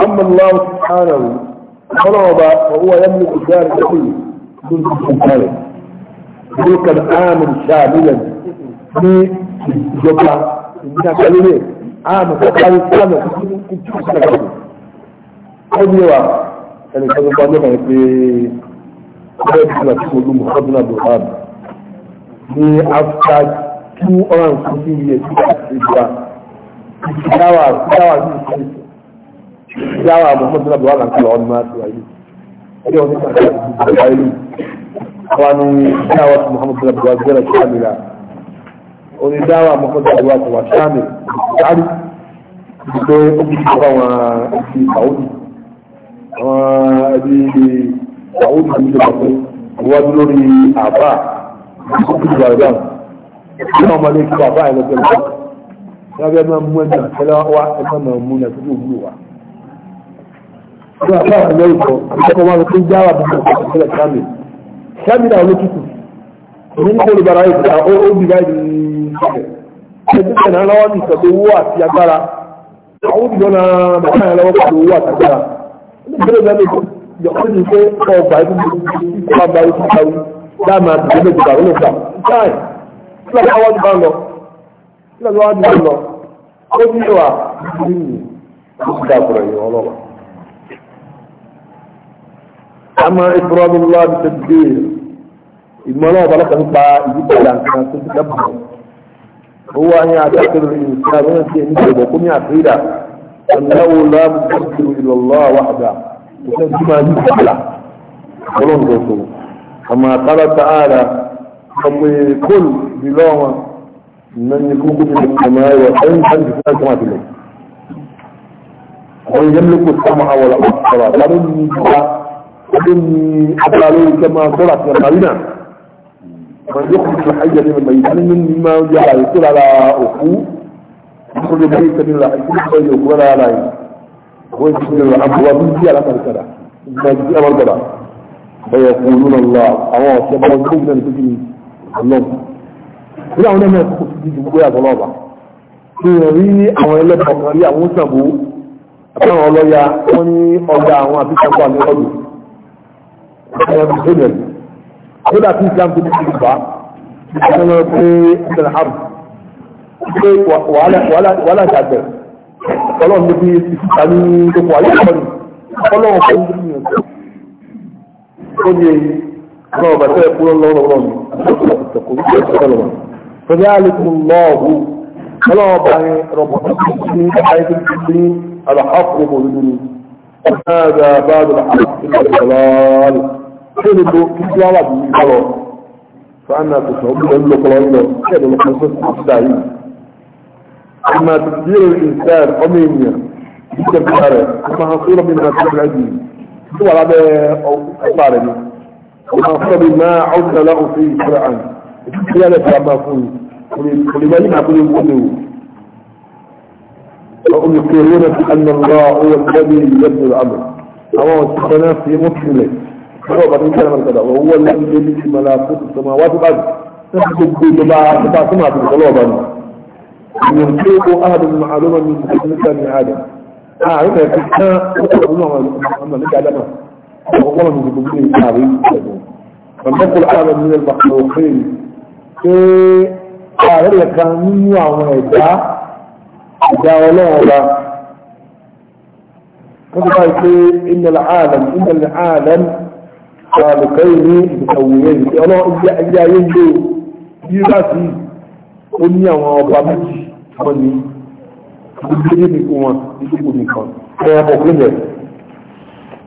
S1: amma Allah subhanahu wa ta'ala wa huwa yamliku dar al-kull kun kuntum mulkan amin shamilan ní ìjọba ìdákẹ́lẹ́ rẹ̀ amin kọ́kọ́rọ́ sánà kúkú sàkàtà ó ní wa ẹni kan gbọ́ nípa ẹ̀ pé ọ̀rẹ́ ìjọba tí mo lù mọ́ ọdún náà lọ́wọ́ àmì ní after two hundred and fifty years ìjọba ìdáwà ìdáwà ní ìṣẹ́yìn ìdáwà mọ́mọ́dúnrún àbúrò àlàkùnrin ọ̀nà àti wáyé ẹgbẹ́ wọn ní kàkà ìdìbò wáyé lónìí wani dawat muhammad bin abdul wazir shamila oni dawa muhammad bin abdul wazir wa shamil sari gbogbo ogun ọba wọn ti saudi àwọn ẹbí saudi ní ìjọba pé wọ́n lórí àbá ìkókò ìjọba ìbá ní wọ́n máa lè kí àbá ẹ̀ lọ́jọ́ lọ́jọ́ ní abẹ́ máa mú ẹ̀jẹ̀ àtẹ́lẹ́ wá ẹgbẹ́ máa mú ẹ̀ tóbi òwúrò wa.
S2: ní àbá àwọn ẹ̀yọ́ ìkọ̀ ìjọba wọn
S1: ló ń jáwà bí wọ́n ti tẹ̀lé shamil kábínà olókìkù èmi ní kóòlù bàrà ìgbà ó bì báyìí ní ṣẹlẹ̀ ẹgbẹ́ ìṣẹ̀lẹ̀ lọ́wọ́ ní ìṣẹ̀lẹ̀ owó àti agbára àwọn òbí lọ́nà bàbá yẹn lọ́wọ́ pẹ̀lú owó àti agbára ìgbẹ́lẹ̀ ìgbẹ́lẹ̀ ìjọba ní pé ọgbà ìgbà ìgbà ìgbà dáàmà àtìgbẹ́ ìjọba ló gbà táì kílọ̀ káwọ́ ti bá lọ kílọ̀ lọ́wọ́ ti bá lọ ó ní ìwà ìdílé mi ó ti dàbọ̀rọ̀ yìí ọlọ́wọ́. àmọ́ ìfúrọ́dúnlá ti ṣe ìgbọ́n náà bọ́lá kan nípa ìdíkọ̀dà nǹkan tó ti dábò ó wá ní àtàkùrù ìrìnsà lọ́nà tí ẹni tó bọ̀ ní àfíìdà ọ̀nàwó láàmú kọ́kùrù ìlọ́lọ́ àwọn àgbà kò fẹ́ bí máa ní ìgbàlá ọlọ́run tó so àmà àtàlà tààrà ọmọ èkóòl bìlọ́ wọn nan yi kuku bi da kuma yi wa ɗan kan da kuma kuma bile wani yamli ku sama a wala ba ta ba ta ni ba ta ni a ta lori kama sura ta marina من يخرج الحي من الميت مما جعل يقول على أخوه يخرج الميت من الحي يقول على عين ويجعل الأموات في على على ما جزء مركبة فيقولون الله أواه شبه المؤمن الفجري اللهم هنا هنا ما يقول في جمهورية طلابة في àwọn ẹlẹ́bọ̀ kan rí àwọn òṣàbò àtàwọn ọlọ́ya wọ́n ní ọjà على àfihàn wà ní ọdún ẹ̀yà bìtẹ́lẹ̀ أخذ أكيد كان في الإنباء أنا في الحرب في ولا ولا نبي ولا شاد قالوا النبي كان يدعو على من قالوا كان يدعو كل ما بتاعه كل الله الله الله فذلك الله قال الله ربنا سبحانه حيث الدين الحق بالدين هذا بعد الحق الضلال kéde tó kíkí wá wà bí kálọ̀ fáànà tó sọ bí ẹnu lọkọlọ ńlọ kéde lọkọ tó sọ sí dáyé ọmọ àti bíyẹn ìsẹ́ẹ̀d ọmọ ènìyàn ìjọba ìjọba rẹ ọmọ àkúrò mi nà tó rẹ tó wà lábẹ́ ọgbà rẹ ni ọmọ àkúrò mi nà ọ̀sán lọ òfin ìṣẹ̀lẹ̀ àn ìṣẹ̀lẹ̀ rẹ fara máa fún un kò lè máa yí máa kó lè wọlé o. وهم يقولون أن الله هو الذي يدبر الأمر. أما تتنافي مسلم هو بعدين كلام كذا وهو الذي يملك ملكوت السماوات والارض تحكم كل ما تبع سمع في القلوب يمتلك احد المعلومه من مثل بني ادم أعرف كنا أما نجعل ما وقال من جبريل عظيم يقول أعلم من المخلوقين أعرف كان وعمدا جاولوا لا فقال إن العالم إن العالم àlùkẹ́yìn ní ìkàwòyẹ́ ìdí ọlọ́run ilé ayé ń lò bí láti ó ní àwọn ọba méjì wọn ni gbogbo ní ìpínkù wọn ìpínkù nìkan ẹ ọmọ òkúlẹ̀ rẹ̀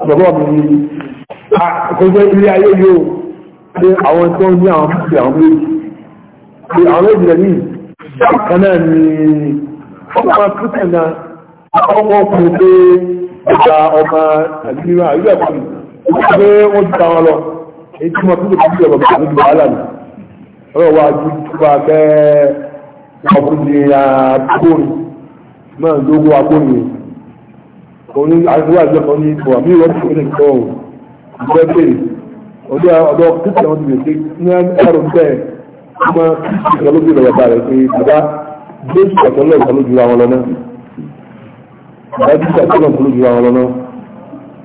S1: ọ̀dọ̀bọ̀ mi ni àkójọ ilé ayé yóò pé àwọn tó ní àwọn méjì àwọn méjì pé àwọn méjì rẹ̀ ní ìkan náà ni ọmọ kírísẹ̀ náà ọmọ ọkùnrin pé ọba ọmọ nàìjíríà ìlú ẹ̀kọ́ pé wọ́n ti tàwọn lọ èyí tí wọ́n tún lè fi ìjọba bàbá níbi wàhálà ni ọ̀rọ̀ wa ju tuba bẹ́ ọkùnrin àgbóni náà lógún agbóni òní àdúrà ìjọba ní ipò àmì ìwọ́n ti fẹ́lẹ̀ kọ́ ọ̀hún ìgbẹ́ bèrè ọdún ọdún kíkì àwọn ti lè ṣe ní ẹrù bẹ́ẹ̀ ọmọ kíkì kan ló bèrè bàbá rẹ̀ pé bàbá jésù àtọ́lọ́ ìkan ló ju àwọn lọ náà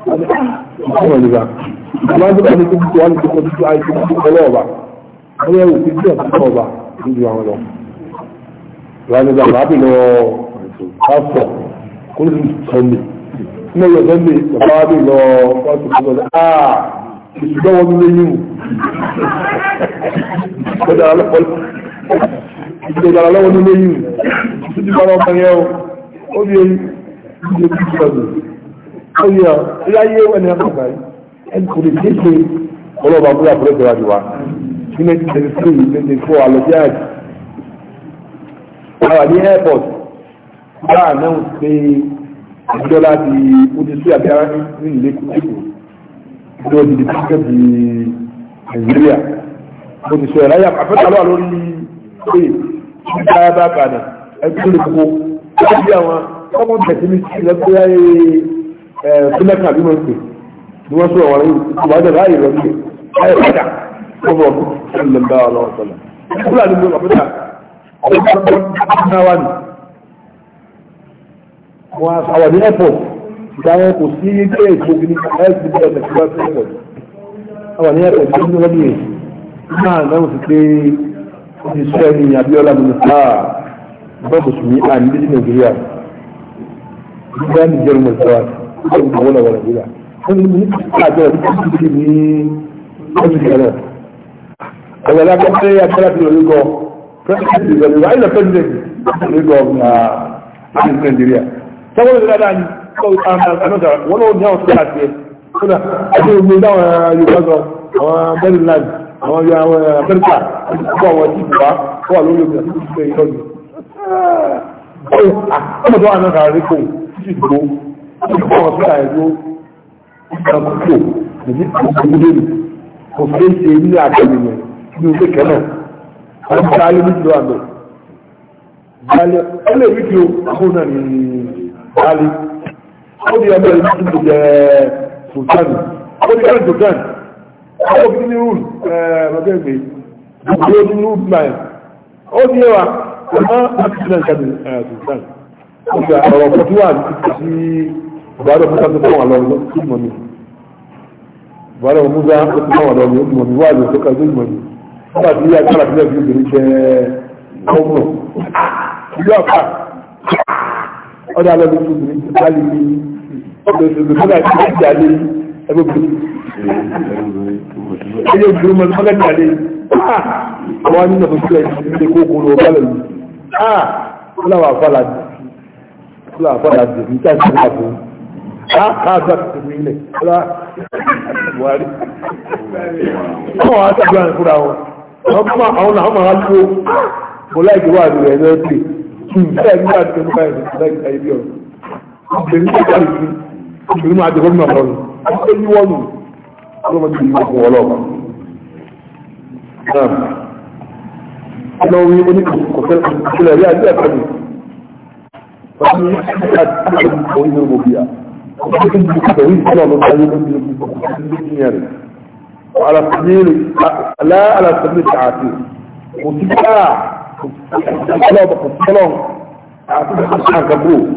S2: bàbá ọmọ ìgbà
S1: máa ń tó kọ́ni tó kọ́ ní kókó tó àìsí tó kọ́ ọba wọ́n yẹ òfin tí ọ̀tún kọ́ ọba níbi àwọn lọ. ìlànà ìgbà máa bì lọ pásọ kó ní sọ́ndé ní ọjọ́ sọ́ndé bàbá wa bì lọ pásọ kó sọ́ndé áà ìṣùgbọ́n wọn ló yín wù. ìṣèjọba lọ́wọ́ ló yín wù. ìṣèjọba lọ́wọ́ yẹn o ó bí ẹni ìṣèjọba lọ́wọ́ ọyọ iláyé ẹni àgbàgbà ẹni kò lè kéèké ọlọ́ọ̀bà búra fúlẹ̀ tó wájú wa ní nineteen thirty three nineteen four alọ́jẹ́ àjì àwọn àdé airport bá àdáhùn pé àdúgbọ́lá ti odi sí àbíyá ní ìlé kúkú
S2: ìjọ ìdí kíkẹ́
S1: di nàìjíríà mo ti sọ ẹ̀rọ ayé àfẹ́tà lọ́wọ́ lórí pé kí bá bá padà ẹgbẹ́ olùkókó ó ti bí àwọn ọmọ bẹ̀rẹ̀ sí ní ìlẹ́gbẹ́ fúlẹ́kà eh, bí wọ́n pè ní wọ́n sọ̀rọ̀ wọn ìbájọ́ láàyè lọ sí ayé padà ọmọ ọ̀gbọ̀n ọlọ́wọ́ sọ̀lá fúlàní ló lọ́pẹ́ta ọ̀gbọ̀n wọn àwọn ní airport ìdáwọn kò sí ilé ìgbógun ní ẹ̀sìn bí ọ̀sẹ̀ fúlá sí airport àwọn ní airport tó ní wọ́n yẹn náà dáhùn sí pé ó ti sọ ẹni Abíọ́lá mi nípa bọ́ọ̀bù kúrò ní ìwọ́n àwọn nàìjíríà wọ́n ní àjọ ìdíje ní ọdún kan náà àwọn alákọ̀ pé agbára ti lórí gan president ìgbàlè wà ilẹ̀ president lórí gan láti nàìjíríà sáwọn ìgbàlè dáadáa ni anọ́dà wọn náà ní àwọn sọ́kà àti ẹ̀ kódà àti omi dáwọn yorùbá gan àwọn maryland àwọn yọ àwọn amẹ́ríkà àti àwọn tí ìbùbá wà lórí omi àti ìgbẹ́ ìlọ́dún ọmọdé wà náà kàrí kò sí ìgbó ọ̀pọ̀ ọ̀sẹ̀ àìlú ìtàkùkù nìbí ìgbòmídèrè kò fẹ́ ṣe ilé àtẹ̀yìnlẹ̀ ní oṣù kẹ́nà wọ́n ti alẹ́ nílò àmì balẹ̀ ọlẹ́ wíkì ọkùn náà ní balẹ̀ ó di ọmọ ìlú tó jẹ sultan ó di ọmọ sultan ó di ní rúùlù ẹ̀ẹ́dọ́gbẹ́ mi ó di rúùlù náà ó ẹwà ọmọ àti sultan ó di ọ̀rọ̀ 41 sí buhari musa tó fún wa lọ ló tún mọ mi buhari musa tó fún wa lọ ló tún mọ mi wáyé tó ká tó mọ mi nígbà tí yíyá kára sílẹ̀ fi obìnrin jẹ ọmọ ìlú àpá ọdọ alẹ́ ló tún obìnrin bá lè ní ọdọ ìṣòro tó náà ti ti àlè ẹgbẹ́ obìnrin ẹyẹ obìnrin mọ̀ nípa lẹ́yìn àlè àwọn anínà tó sílẹ̀ ìṣẹ̀lẹ̀ kókó lọ bá lẹ́yìn fúláwà fàlàdì fúláwà fàlàdì níta ìṣẹ̀lẹ̀ káàkiri tèmi ilẹ̀ ọlá buhari
S2: ọmọ wa tàbí àwọn ìfúra wọn
S1: ọmọ àwọn àwọn àwọn àlùkò kò láìpẹ́ wà ní ẹ̀rọ pé ìfẹ́ ní wà ní ẹ̀rọ pé kò láìpẹ́ ayé bí ọ̀rọ̀ obìnrin tó kárì sí obìnrin máa jẹ́kọ́ mímọ̀ lọ́rùn ó ní wọ́n nù ọlọ́mọdé yìí wọ́n لكن بالتدوين وعلى سبيل لا على سبيل التعافي وتبقى الطلبة الطلبة تعافي حتى كبروا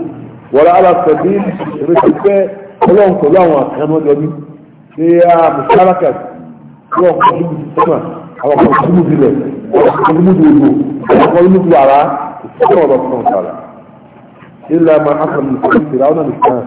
S1: ولا على سبيل رسالة كلهم كلهم كانوا جميع هي مشاركة كلهم كلهم في السماء أو في الله أو في الله أو في الله السماء الله سبحانه إلا ما حصل من فرعون بالسماء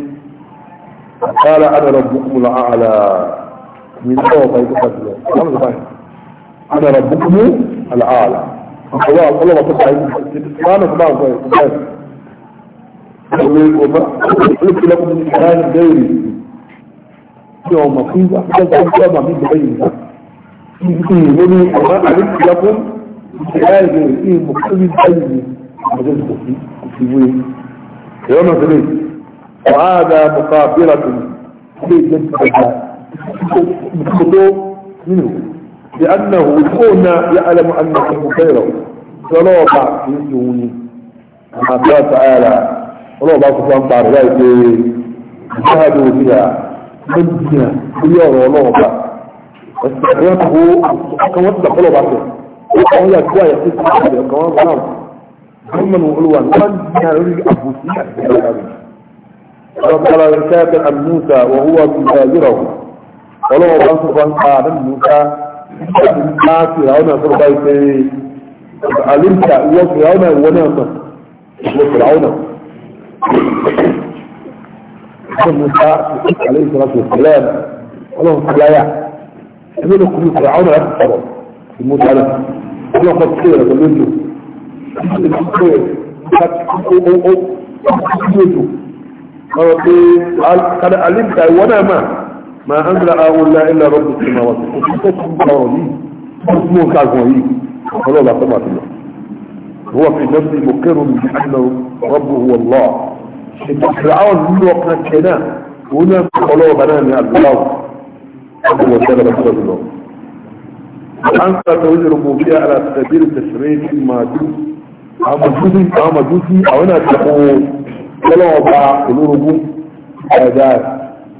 S1: قال أنا ربكم الأعلى من فوق يقتل أنا ربكم الأعلى الله الله ما قلت لكم من إحران غيري يوم مصيبة قلت لكم من بينك
S2: يقولي أنا
S1: علمت لكم من إحران غيري إيه مقتل بيني ما جزت فيه كنت يقولي يوم مصيبة وهذا مقابلة لجنة منه لأنه يكون يعلم أنه خيره فلو بعض يسوني قال تعالى ولو بعض سبحانه وتعالى جهدوا بها من دينا بيار ولو بعض استعراضه كما تدخلوا بعضهم وهو كوية تسمع كمان ضمن وعلوان من دينا لوري أبو سيح وقال الكافر عن موسى وهو يجاوره ولو الله سبحانه وتعالى موسى ما فرعون فرعون علمت وفرعون ونعمة وفرعون موسى عليه الصلاة والسلام ولو لا يعلم يقول لكم فرعون أكثر يموت على الله قد خير قال له ربي قد علمت ولا ما ما أنزل أولا إلا رب السماوات اسمه كعزمه قالوا لا طبعا الله هو في نفسه مقر بأنه ربه هو الله فرعون من وقت كنا هنا قالوا بنان يا الله
S2: هو سلم الله
S1: أنت تريد الربوبية على سبيل التشريع دون أما جوزي أما جوزي أو أنا تقول lọ́wọ́ ba olórogún ẹ̀dá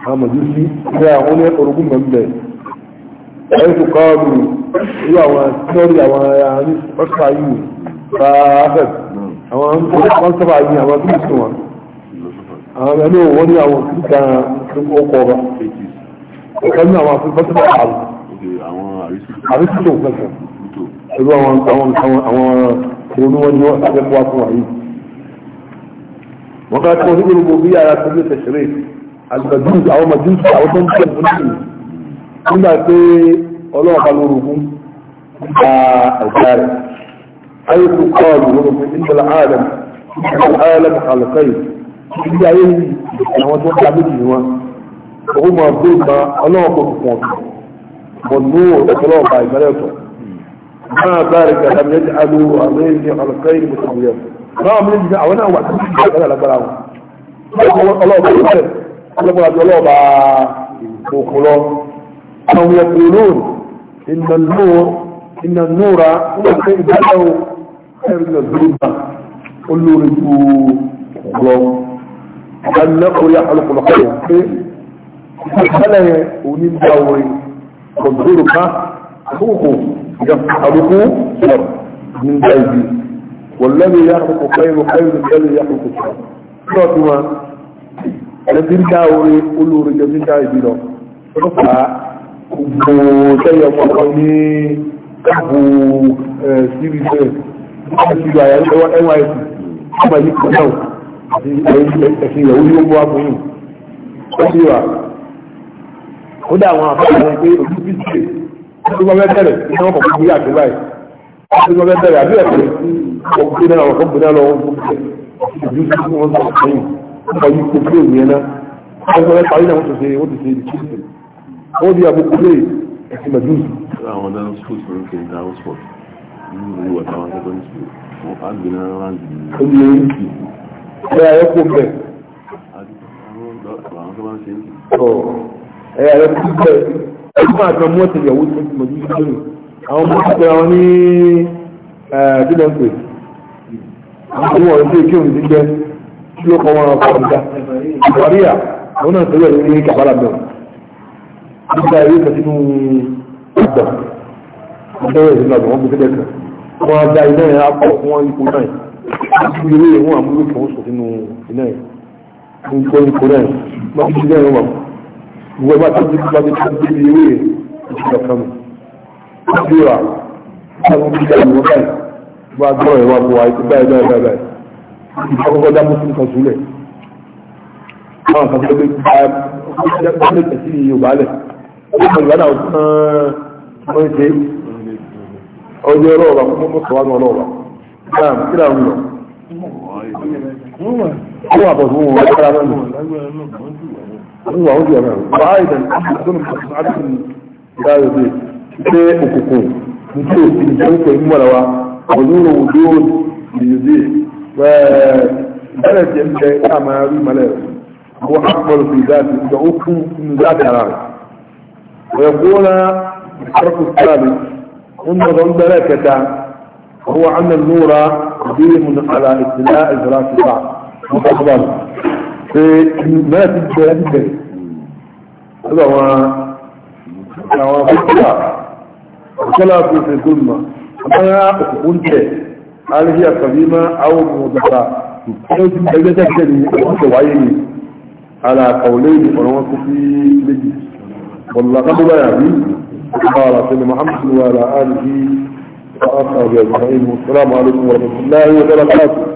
S1: àmọ̀júsí ní àwọn ní orogún mẹ́mbẹ̀ ẹ̀yìn tó kọ́ọ̀dù irú àwọn tẹ́rì àwọn àní ọ̀sá yìí fàáfẹ́ àwọn wọ́n sábà yìí àwọn tó sùn wọn
S2: àwọn ẹni wọ́n ní àwọn kíkà tó kọ́ ọba
S1: ọ̀kan ní àwọn afẹ́fẹ́ sábà àlù àrísítò pẹ̀sẹ̀ pẹ̀lú àwọn àwọn àwọn àwọn oníwọ́n ní wọ́n sábẹ́ fún wa fún wa yìí وما توحيد الربوبيه على سبيل التشريف المجوس او مجوس او تنسي المسلمين كما في الله قال ربهم حيث قالوا ربهم ان العالم ان العالم خلقين الا يهدي انا وجدت عبد الجوا وهم عبدون ما الله قد قلت والنور الله قال ما بارك لم يجعلوا امين خلقين مسلمين báwọn méjì náà àwọn náà wà ní ìgbàgbọ́ lágbára
S2: wọn ọlọ́ọ̀bà ìbẹ̀rẹ̀
S1: ọlọ́ọ̀bà àti ọlọ́ọ̀bà òkú lọ àwọn yaqulun inna an-nur inna an-nura wọ́n ṣe ìdájọ́ ẹ̀rí lọ sí ìgbà olórí ju lọ ọ̀gá orí àkọlùkọlùkọ rẹ̀ pé ìpàkálẹ̀ òní ń gba orin ọ̀gbọ́n ká àkókò ìjọba àlùkù sọ̀rọ̀ ní ìgbà ìbí والذي يخلق خير خير الذي يخلق شر lọ́tùmọ̀ ẹ̀lẹ́dínká orí olóòrìjọ níta ìbílọ̀ tó fà á gbò tẹ́yẹ ọ̀pọ̀lọpọ̀ ní káàbù síríṣẹ́ ìṣirò àyàlẹ́wọ́ nysc ọmọ yìí kan náà àti ẹ̀sìn ìyàwó yóò mú àbúyìn ó sì wà ó dá àwọn àfáà rẹ̀ pé òjú bí ṣe tó bá fẹ́ bẹ̀rẹ̀ ìṣẹ́ wọn kọ̀ọ̀kan bí àgbẹ̀ báyìí
S2: àti wọn bẹ bẹ̀rẹ̀ àbí ẹ̀kọ́ ọkùnrin náà ọkọ bùnà lọ wọn fún bẹ ìdí tí wọn sọ sẹ́yìn ọkọ yìí
S1: kò kúrò yẹn náà wọn sọ ẹ̀kọ́ ayélujára wọn tó ṣe wọn ti ṣe ìdí tí wọn di àbúkú ní sùkúl wọn á rán jù. ó ní ẹyìn kì ẹ àwọn ọmọ ti ní ẹ̀ẹ́dínlẹ́pẹ̀ àwọn ọmọ ìpé òun ti jẹ́ kí ló kọ́ wọn àwọn náà tẹ́lẹ̀ ní kàbálà bẹ̀rẹ̀ nígbà ìwé ìgbà ìbẹ̀rẹ̀ ìlú àgbà wọn gbé tẹ́lẹ̀ kan wọn á da iná yẹn apọ̀ fún wọn ipò náà àti ìwé ìwọ̀n àmúlò kan sọ sínú iná yẹn fún ipò ipò náà wọn ti ṣe náà wọn gbogbo ẹgbẹ́ àti ìgbà tó ti ṣe ìwé ìṣẹ̀lẹ̀ kan nù kúrò àwọn ìgbà dá mọ́sí kan sílẹ̀ àwọn kan tó gbé gbé tẹ̀sí Yorùbá lẹ̀ wọ́n gbà náà tán wọ́n ṣe ọjọ́ ọlọ́ọ̀bà kó mọ́ sọ wá ní ọlọ́ọ̀bà náà kí náà ń lọ.
S2: Àwọn àbọ̀dún wọn wọ́n kára náà nù. Àwọn àwọn ti
S1: wà náà. pé òkùnkùn nítorí òfin ìjọ́nkọ̀ ìmọ̀ra wa ọdún òjò ìyòdè bẹ́ẹ̀ tí ń bẹ ká máa rí malẹ̀ àwọn akọ̀lù fi dáàbì ìjọ ó kún inú dáàbì ara rẹ̀ ọ̀yọ̀kúnra ìsọ́kù sáàbì ń dọ̀dọ̀ ń bẹ̀rẹ̀ kẹta هو أن النور قديم على ابتلاء الزراعة البعض مستقبل في ما تجد هذا هو هو وطلعت في الظلمة أما أكون هل هي قديمة أو موضحة يجب أن يتكلم وعيني على قولين ونوك في لجي والله قد لا يعني قال سيدنا محمد وعلى آله وآخر أجمعين والسلام عليكم ورحمة الله وبركاته